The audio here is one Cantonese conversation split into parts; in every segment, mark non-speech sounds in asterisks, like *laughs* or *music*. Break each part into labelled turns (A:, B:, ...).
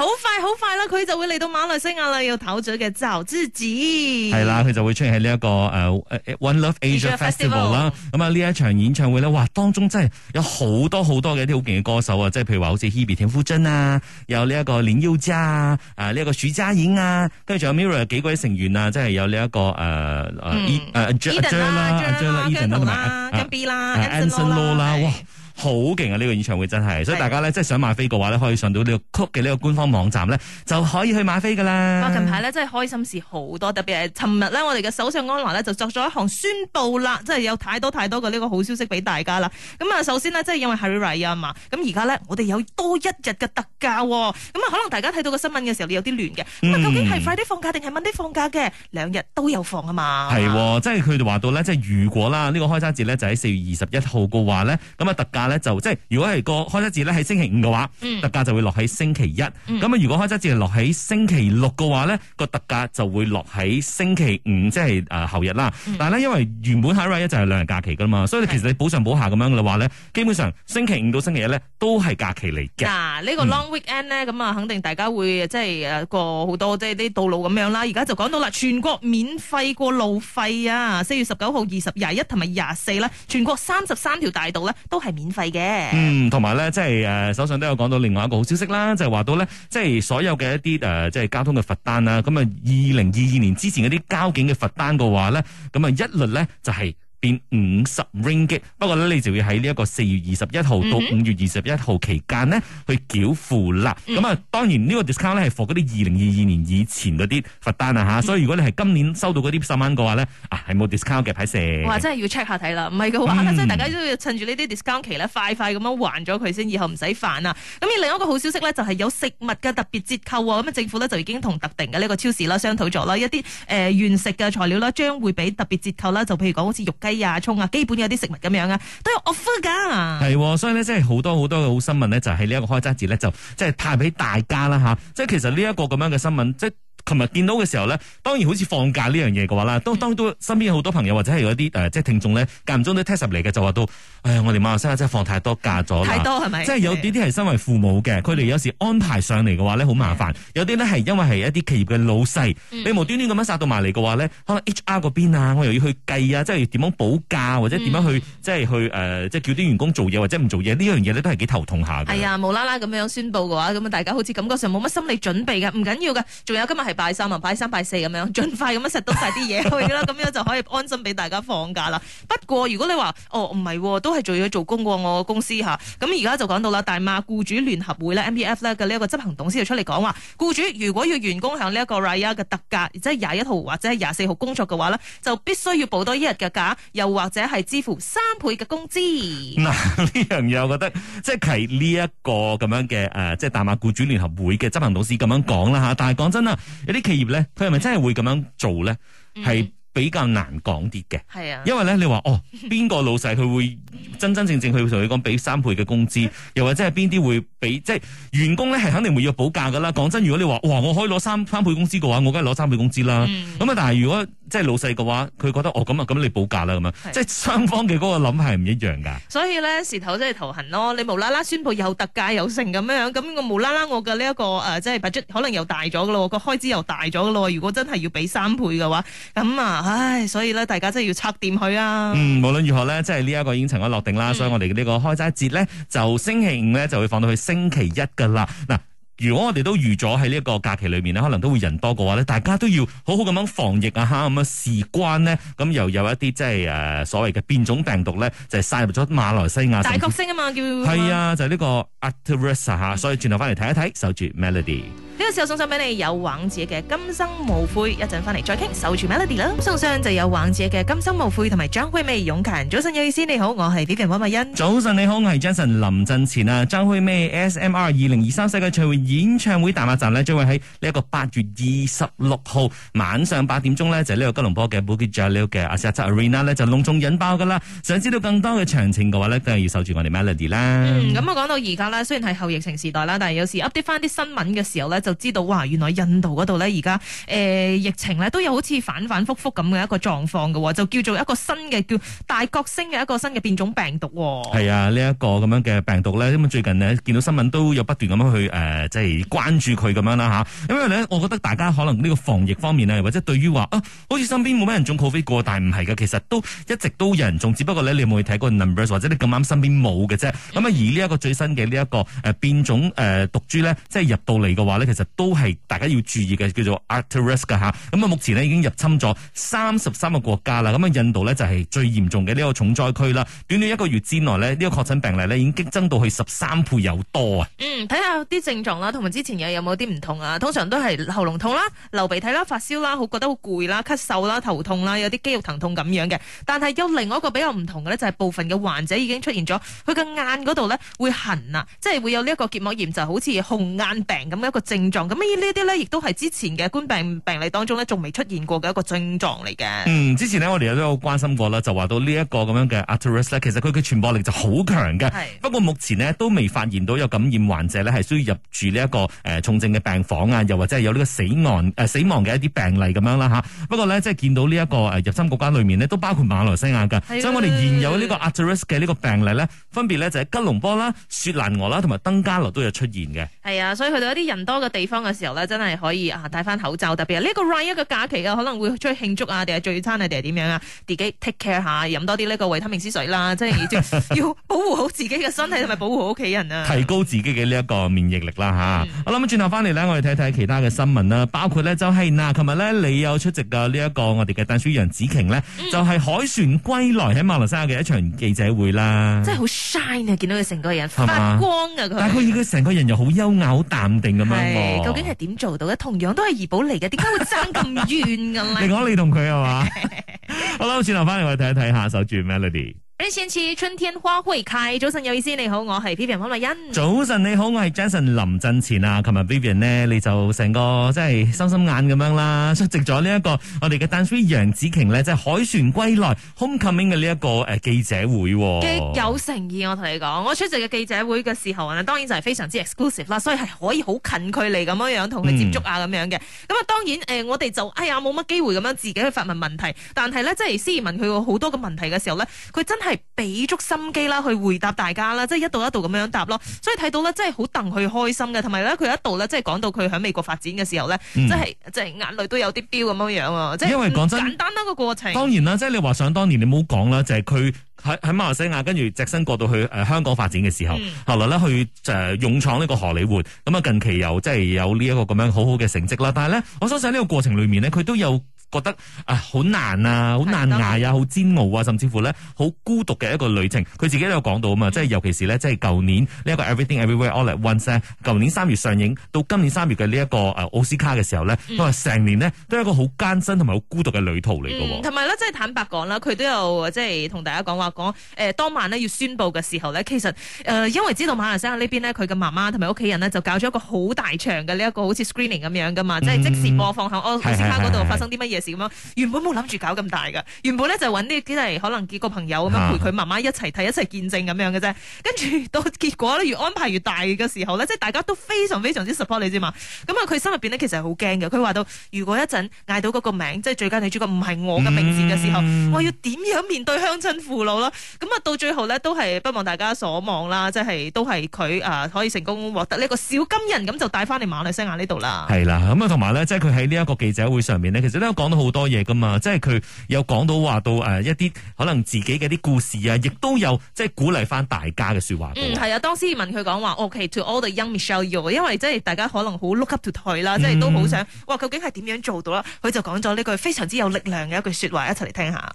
A: 好快好快啦，佢就會嚟到馬來西亞啦，要唞嘴嘅就自己。係啦，
B: 佢就會出現喺呢一個誒 One Love Asia Festival 啦。咁啊，呢一場演唱會咧，哇，當中真係有好多好多嘅啲好勁嘅歌手啊！即係譬如話好似 Hebe、田馥甄啊，有呢一個林宥嘉啊，誒呢一個徐佳瑩啊，跟住仲有 Mirror 幾位成員啊，即係有呢一個誒誒 Aiden 啦，啦，啦，啦，哇！好勁啊！呢個演唱會真係，所以大家咧，即係想買飛嘅話咧，可以上到呢個曲嘅呢個官方網站咧，就可以去買飛噶啦。近排咧
A: 真係開心事好多，特別係尋日咧，我哋嘅首相安華咧就作咗一行宣佈啦，即係有太多太多嘅呢個好消息俾大家啦。咁啊，首先呢，即係因為 Hari Raya 啊嘛，咁而家咧，我哋有多一日嘅特價，咁啊，可能大家睇到個新聞嘅時候，你有啲亂嘅，咁啊，究竟係快啲放假定係慢啲放假嘅？兩日、嗯、都有放啊嘛。係、哦，
B: 即係佢哋話到咧，即係如果啦，呢、這個開齋節咧就喺四月二十一號嘅話咧，咁啊特價就即係如果係個開齋節咧喺星期五嘅話，嗯、特價就會落喺星期一。咁啊、嗯，如果開齋節係落喺星期六嘅話咧，個特價就會落喺星期五，即係誒後日啦。嗯、但係咧，因為原本 Hari Raya 就係兩日假期噶嘛，所以其實你補上補下咁樣嘅話咧，是的 基本上星期五到星期一咧都係假期嚟嘅。
A: 嗱，呢、這個 long weekend 咧、嗯，咁啊肯定大家會即係誒過好多即係啲道路咁樣啦。而家就講到啦，全國免費過路費啊！四月十九號、二十、廿一同埋廿四啦，全國三十三條大道咧都係免費。係嘅，
B: 嗯，同埋咧，即係誒，手上都有講到另外一個好消息啦，就係話到咧，即係所有嘅一啲誒，即係交通嘅罰單啦，咁啊，二零二二年之前嗰啲交警嘅罰單嘅話咧，咁啊，一律咧就係，變五十 ringgit，不過咧你就要喺呢一個四月二十一號到五月二十一號期間呢去繳付啦。咁啊、mm，hmm。這當然呢個 discount 咧係 for 嗰啲二零二二年以前嗰啲罰單啊吓，mm hmm. 所以如果你係今年收到嗰啲十蚊嘅話咧，啊係冇 discount 嘅牌射。的哇，
A: 真係要 check 下睇啦，唔係嘅話即係、mm hmm. 大家都要趁住呢啲 discount 期咧快快咁樣還咗佢先，以後唔使煩啊。咁而另一個好消息呢，就係有食物嘅特別折扣啊，咁政府呢，就已經同特定嘅呢個超市啦商討咗啦，一啲誒、呃、原食嘅材料啦將會俾特別折扣啦，就譬如講好似肉雞。雞呀、啊、蔥啊，基本有啲食物咁樣啊，都有 offer 噶。係，
B: 所以咧，即係好多好多嘅好新聞咧，就喺呢一個開齋節咧，就即係派俾大家啦吓。即係其實呢一個咁樣嘅新聞，即係。琴日見到嘅時候呢，當然好似放假呢樣嘢嘅話啦，都當，當都身邊好多朋友或者係一啲誒、呃，即係聽眾呢間唔中都聽實嚟嘅，就話到，哎我哋馬上真係放太多假咗太多係咪？即係有啲啲係身為父母嘅，佢哋、嗯、有時安排上嚟嘅話咧，好麻煩；嗯、有啲咧係因為係一啲企業嘅老細，你無端端咁樣殺到埋嚟嘅話咧，可能 HR 嗰邊啊，我又要去計啊，即係點樣補假或者點樣去、嗯、即係去誒、呃，即係叫啲員工做嘢或者唔做嘢呢樣嘢咧，都係幾頭痛下嘅。
A: 係啊、哎，無啦啦咁樣宣佈嘅話，咁大家好似感覺上冇乜心理準備嘅，唔緊要嘅。仲有今日拜三啊，拜三拜四咁樣，盡快咁樣食到晒啲嘢去啦，咁 *laughs* 樣就可以安心俾大家放假啦。不過如果你話哦唔係，都係做咗做工喎，我公司吓。咁而家就講到啦，大馬僱主聯合會咧，MPF 咧嘅呢一個執行董事就出嚟講話，僱主如果要員工向呢一個 Raya 嘅特假，即係廿一號或者係廿四號工作嘅話呢，就必須要補多一日嘅假，又或者係支付三倍嘅工資。
B: 嗱，呢樣嘢我覺得即係呢一個咁樣嘅誒，即、呃、係、就是、大馬僱主聯合會嘅執行董事咁樣講啦吓。但係講真啊。 *laughs* 有啲企業咧，佢係咪真係會咁樣做咧？係、嗯、比較難講啲嘅，係啊。因為咧，你話哦，邊個老細佢會真真正正佢同你講俾三倍嘅工資，又或者係邊啲會俾即係員工咧係肯定會要補價噶啦。講真，如果你話哇，我可以攞三三倍工資嘅話，我梗係攞三倍工資啦。咁啊、嗯，但係如果。即係老細嘅話，佢覺得哦，咁啊，咁你補價啦咁樣，是即係雙方嘅嗰個諗法係唔一樣噶。
A: 所以咧，時頭真係頭痕咯。你無啦啦宣布又特價又成咁樣，咁我無啦啦我嘅呢一個誒、呃，即係可能又大咗噶咯，個開支又大咗噶咯。如果真係要俾三倍嘅話，咁啊，唉，所以咧，大家真係要拆掂佢啊。
B: 嗯，無論如何咧，即係呢一個已經塵埃落定啦。嗯、所以我哋呢個開齋節咧，就星期五咧就會放到去星期一噶啦。如果我哋都預咗喺呢一個假期裏面咧，可能都會人多嘅話咧，大家都要好好咁樣防疫啊，嚇咁樣事關呢，咁又有一啲即係誒所謂嘅變種病毒咧，就係、是、殺入咗馬來西亞。大角
A: 星啊嘛叫。係啊，
B: 就係、是、呢個 Arcturus，所以轉頭翻嚟睇一睇，守住 Melody。
A: 呢個時候送上俾你，有王者嘅今生無悔。一陣翻嚟再傾，守住 Melody 啦。送上就有王者嘅今生無悔，同埋張惠妹、勇勤。早晨，有意思，你好，我係 DJ 黃麗欣。早
B: 晨，你好，我係 Jason 林振前啊。張惠妹 S M R 二零二三世界巡迴演唱會大馬站呢，將會喺呢一個八月二十六號晚上八點鐘呢，就喺呢個吉隆坡嘅 Bukit Jalil 嘅 Axiata Arena 咧，就隆重引爆噶啦。想知道更多嘅詳情嘅話呢，都係要守住我哋 Melody 啦。嗯，咁
A: 我講到而家啦，雖然係後疫情時代啦，但係有時 update 翻啲新聞嘅時候呢。就知道哇，原來印度嗰度呢，而家誒疫情呢，都有好似反反复复咁嘅一個狀況嘅，就叫做一個新嘅叫大角星嘅一個新嘅變種病毒。係
B: 啊，呢、這、一個咁樣嘅病毒咧，因為最近呢，見到新聞都有不斷咁樣去誒，即、呃、係、就是、關注佢咁樣啦吓。因為咧，我覺得大家可能呢個防疫方面呢，或者對於話啊，好似身邊冇咩人中 COVID 過，但唔係嘅，其實都一直都有人中，只不過咧你有冇去睇嗰個 numbers，或者你咁啱身邊冇嘅啫。咁啊，而呢一個最新嘅呢一個誒、呃、變種誒、呃、毒株咧，即係入到嚟嘅話呢。其實。都係大家要注意嘅，叫做 at risk 吓。咁啊，目前咧已經入侵咗三十三個國家啦。咁啊，印度呢，就係最嚴重嘅呢個重災區啦。短短一個月之內呢，呢、呢個確診病例咧已經激增到去十三倍有多啊。
A: 嗯，睇下啲症狀啦，同埋之前有冇啲唔同啊？通常都係喉嚨痛啦、流鼻涕啦、發燒啦、好覺得好攰啦、咳嗽啦、頭痛啦，有啲肌肉疼痛咁樣嘅。但係有另外一個比較唔同嘅呢，就係、是、部分嘅患者已經出現咗佢嘅眼嗰度呢會痕啊，即係會有呢一個結膜炎，就好似紅眼病咁一個症。症狀咁呢啲咧，亦都係之前嘅冠病病例當中呢，仲未出現過嘅一個症狀嚟嘅。
B: 嗯，之前呢，我哋都有關心過啦，就話到這這呢一個咁樣嘅 Atirus 其實佢嘅傳播力就好強嘅。是不過目前呢，都未發現到有感染患者呢，係需要入住呢、這、一個誒、呃、重症嘅病房啊，又或者有呢個死亡誒、呃、死亡嘅一啲病例咁樣啦吓、啊。不過呢，即係見到呢一個入侵國家裏面呢，都包括馬來西亞噶，的所以我哋現有呢個 Atirus 嘅呢個病例呢，分別呢，就喺、是、吉隆坡啦、雪蘭莪啦同埋登嘉樓都有出現嘅。
A: 係啊，所以去到一啲人多嘅。地方嘅時候咧，真係可以啊，戴翻口罩。特別呢、這個 Raya 一個假期啊，可能會出去慶祝啊，定係聚餐啊，定係點樣啊，自己 take care 下，飲多啲呢個維他命 C 水啦， *laughs* 即係要保護好自己嘅身體，同埋 *laughs* 保護好屋企人啊，提
B: 高自己嘅呢一個免疫力啦吓。嗯、我咁轉頭翻嚟咧，我哋睇睇其他嘅新聞啦，包括咧就係、是、嗱，琴日咧你有出席嘅、這個、呢一個我哋嘅丹斯里楊紫瓊咧，嗯、就係凱旋歸來喺馬來西亞嘅一場記者會啦。
A: 真係好 shine 啊！見到佢成個人吧發光啊佢，但
B: 係佢成個人又好優雅、好淡定噶嘛。哦、究竟係
A: 點做到嘅？同樣都係怡保嚟嘅，點解會爭咁遠嘅咧？你講 *laughs* 你
B: 同佢係嘛？ *laughs* *laughs* 好啦，轉頭翻嚟我哋睇一睇下手住 Melody
A: 先似春天花會開，早晨有意思。你好，我係 Vivian 溫麗欣。
B: 早晨你好，我係 Jason 林振前啊。琴日 Vivian 咧，你就成個即係心心眼咁樣啦，出席咗呢一個我哋嘅丹斯里楊紫瓊咧，即係凱旋歸來 homecoming 嘅呢、這、一個誒、呃、記者會、哦，極有
A: 誠意。我同你講，我出席嘅記者會嘅時候啊，當然就係非常之 exclusive 啦，所以係可以好近距離咁樣樣同佢接觸啊咁、嗯、樣嘅。咁啊，當然誒、呃，我哋就哎呀冇乜機會咁樣自己去發問問題，但係咧即係司儀問佢好多嘅問題嘅時候咧，佢真係。係俾足心機啦，去回答大家啦，即係一度一度咁樣答咯。所以睇到咧，真係好戥佢開心嘅，同埋咧，佢一度咧，即係講到佢喺美國發展嘅時候咧，即係即係眼淚都有啲飆咁樣樣啊！即係簡單單個過程。當然
B: 啦，即係你話想當年你唔好講啦，就係佢喺喺馬來西亞跟住隻身過到去誒香港發展嘅時候，後來咧去誒勇闖呢個荷里活，咁啊近期又即係有呢一、就是、個咁樣好好嘅成績啦。但係咧，我相信喺呢個過程裏面呢，佢都有。覺得啊好難啊，好難捱啊，好煎熬啊，甚至乎咧好孤獨嘅一個旅程。佢自己都有講到啊嘛，即係、嗯、尤其是咧，即係舊年呢一、這個 Everything Everywhere All at Once 咧、啊，舊年三月上映，到今年三月嘅、這個啊、呢、嗯、呢一個誒奧斯卡嘅時候咧，佢話成年呢都係一個好艱辛同埋好孤獨嘅旅途嚟嘅喎。
A: 同埋咧，即係坦白講啦，佢都有即係同大家講話講誒當晚呢要宣佈嘅時候咧，其實誒、呃、因為知道馬來西亞呢邊呢，佢嘅媽媽同埋屋企人呢就搞咗一個好大場嘅呢、這個、一個好似 screening 咁樣嘅嘛，嗯、即係即時播放喺奧斯卡嗰度發生啲乜嘢。嗯、是是是是。.原本冇諗住搞咁大噶，原本咧就揾啲啲嚟，可能幾個朋友咁樣陪佢媽媽一齊睇、啊、一齊見證咁樣嘅啫。跟住到結果咧，越安排越大嘅時候咧，即係大家都非常非常之 support 你，你知嘛？咁啊，佢心入邊咧其實好驚嘅。佢話到，如果一陣嗌到嗰個名，即係最佳女主角唔係我嘅名字嘅時候，我、嗯、要點樣面對鄉親父老咯？咁啊，到最後咧都係不枉大家所望啦，即係都係佢啊可以成功獲得呢個小金人咁就帶翻嚟馬來西亞呢度啦。
B: 係啦，咁啊同埋咧，即係佢喺呢一個記者會上面咧，其實都有講。好多嘢噶嘛，即係佢有講到話到誒一啲可能自己嘅啲故事啊，亦都有即係鼓勵翻大家嘅說話。嗯，
A: 係啊，當時問佢講話 Okay，to all the young Michelle Yeoh，、oh、因為即係大家可能好 look up to 佢啦、嗯，即係都好想話究竟係點樣做到啦。佢就講咗呢句非常之有力量嘅一句說話，一齊嚟聽下。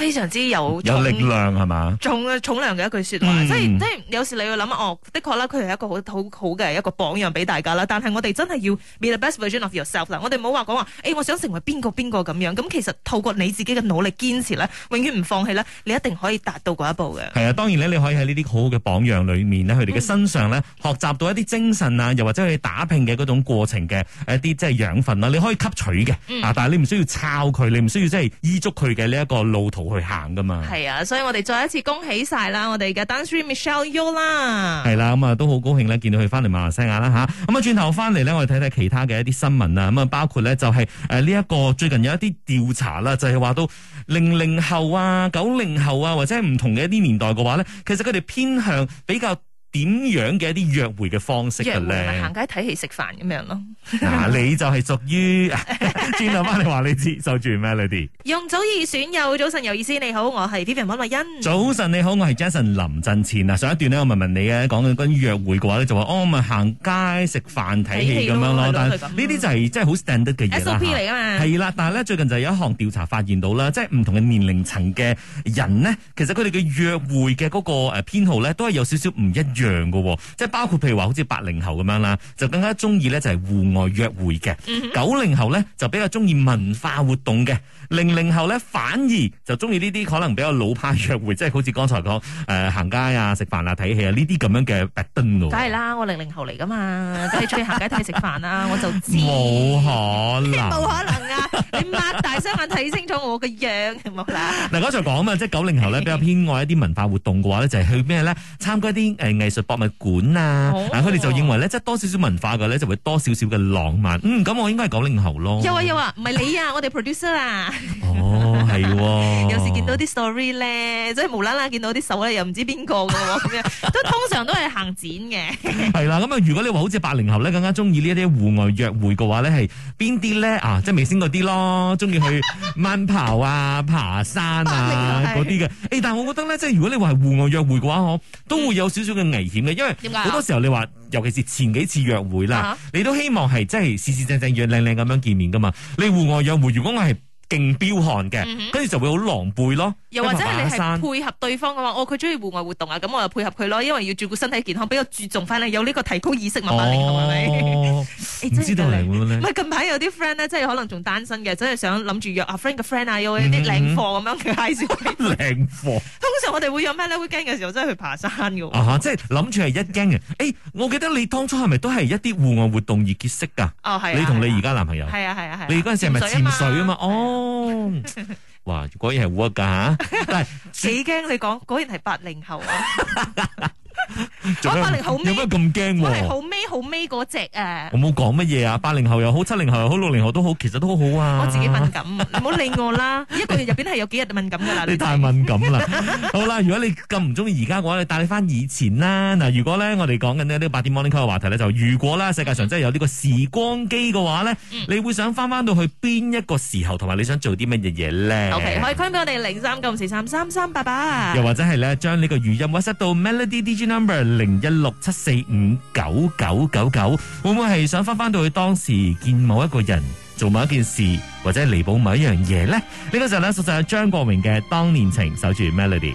A: 非常之有有力
B: 量係嘛？
A: 重重量嘅一句說話。嗯、即係即係有時你會諗：「哦，的確啦，佢係一個好好好嘅一個榜樣俾大家啦。但係我哋真係要 be the best version of yourself。我哋冇話講話，誒、欸、我想成為邊個邊個咁樣。咁其實透過你自己嘅努力堅持咧，永遠唔放棄咧，你一定可以達到嗰一步
B: 嘅。嗯、啊，當然你可以喺呢啲好嘅榜樣裏面，佢哋嘅身上咧，嗯、學習到一啲精神啊，又或者去打拼嘅嗰種過程嘅一啲即係養分啦、啊，你可以吸取嘅、嗯啊。但係你唔需要抄佢，你唔需要即係依足佢嘅呢一個路途。去行噶嘛？
A: 係啊，所以我哋再一次恭喜晒啦，我哋嘅 Dancing Michelle You 啦。
B: 係啦，咁啊都好高興咧，見到佢翻嚟馬來西亞啦吓。咁啊，轉頭翻嚟咧，我哋睇睇其他嘅一啲新聞啊。咁啊，包括咧就係誒呢一個最近有一啲調查啦，就係話到零零後啊、九零後啊或者係唔同嘅一啲年代嘅話咧，其實佢哋偏向比較點樣嘅一啲約會嘅方式嘅咧，行街睇戲
A: 食飯咁樣
B: 咯。嗱、 *laughs* 啊，你就係屬於。 *laughs* 阿媽， *laughs* 轉你話你知就住咩？Lady，
A: 用早二選右，早晨有意思，你好，我係 p e p e 麥麗欣。
B: 早晨你好，我係 Jason 林振前啊。上一段咧，我問問你啊，講緊關於約會嘅話咧，就話哦，咪行街食飯睇戲咁樣咯。樣的但呢啲就係即係好 standard 嘅嘢啦。SOP 嚟噶嘛。係啦，但係咧最近就有一項調查發現到啦，即係唔同嘅年齡層嘅人呢，其實佢哋嘅約會嘅嗰個誒偏好咧，都係有少少唔一樣喎。即係包括譬如話好似八零後咁樣啦，就更加中意咧就係戶外約會嘅。九零、嗯、哼後咧就比比較中意文化活動嘅零零後咧，反而就中意呢啲可能比較老派約會，即係好似剛才講誒行街啊、食飯啊、睇戲啊呢啲咁樣嘅特登咯。梗係啦，我
A: 零零後嚟噶嘛，
B: 最中意行街、睇食飯啊，我就知。冇可能，冇可
A: 能啊！你擘大雙眼睇清楚我嘅樣，
B: 係咪啊？嗱，剛才講啊，即係九零後咧比較偏愛一啲文化活動嘅話咧，就係去咩咧？參加一啲誒藝術博物館啊，啊，佢哋就認為咧，即係多少少文化嘅咧，就會多少少嘅浪漫。嗯，咁我應該係九零後咯。
A: 又話唔係你啊，我哋 producer 啊。哦，係喎、哦。 *laughs* 有時見到啲 story 咧，即係無啦啦見到啲手咧，又唔知邊個嘅喎，咁樣都通常都
B: 係行展嘅。係啦，咁啊，如果你話好似八零後咧，更加鍾意呢一啲戶外約會嘅話咧，係邊啲咧啊？即係未先嗰啲咯，鍾意去慢跑啊、爬山啊嗰啲嘅。誒，但係我覺得咧，即係如果你話係戶外約會嘅話，嗬，都會有少少嘅危險嘅，嗯、因為好多時候你話。尤其是前幾次約會啦，啊、你都希望係真係事事正正、樣靚靚咁樣見面噶嘛？你戶外約會，如果我係。勁彪悍嘅，跟住就會好狼狽咯。又、嗯、哼或者你係
A: 配合對方嘅話，哦佢中意戶外活動啊，咁我又配合佢咯，因為要照顧身體健康，比較注重，返你有呢個提高意識嘛。慢慢哦唔、哎、知道嚟唔係近排有啲 friend 呢，真係可能仲單身嘅，真、就、係、是、想諗住約阿、啊、friend 嘅 friend 啊，要啲靚貨咁、嗯、哼樣介紹。
B: 靚貨。 *laughs*
A: 火通常我哋會有咩咧？會驚嘅時候真係去爬山
B: 嘅。即係諗住係一驚嘅、 *laughs* 哎。我記得你當初係咪都係一啲戶外活動而結識噶？哦啊、你同你而家男朋友。係啊，
A: 啊，啊。你嗰陣時係咪潛水啊
B: 嘛？哦。哇，果然係 work 噶吓，但
A: 係死驚你講，果然係八零後啊！我八零後有
B: 乜咁驚？我係好
A: 尾好尾嗰隻誒！
B: 我冇講乜嘢啊！八零、啊啊、後又好，七零後又好，六零後都好，其實都好好啊！我自己敏感，唔
A: 好 *laughs* 理我啦！ *laughs* 一個月入邊
B: 係有幾日敏感噶啦！ *laughs* 你太敏感啦！ *laughs* 好啦，如果你咁唔中意而家嘅話，帶你帶翻以前啦！嗱，如果咧我哋講緊呢呢八點 Morning Call 嘅話題咧，就如果啦世界上真係有呢個時光機嘅話咧，嗯、你會想翻翻到去邊一個時候，同埋你想做啲乜嘢嘢咧？OK，可以 call 我哋零三
A: 九五四三三三八八，又
B: 或者係咧將呢個語音 WhatsApp 到 Melody D J 零一六七四五九九九九，99 99, 會唔會係想翻翻到去當時見某一個人做某一件事，或者彌補某一樣嘢呢？呢、這個時候咧，實際上張國榮嘅《當年情》守住 Melody。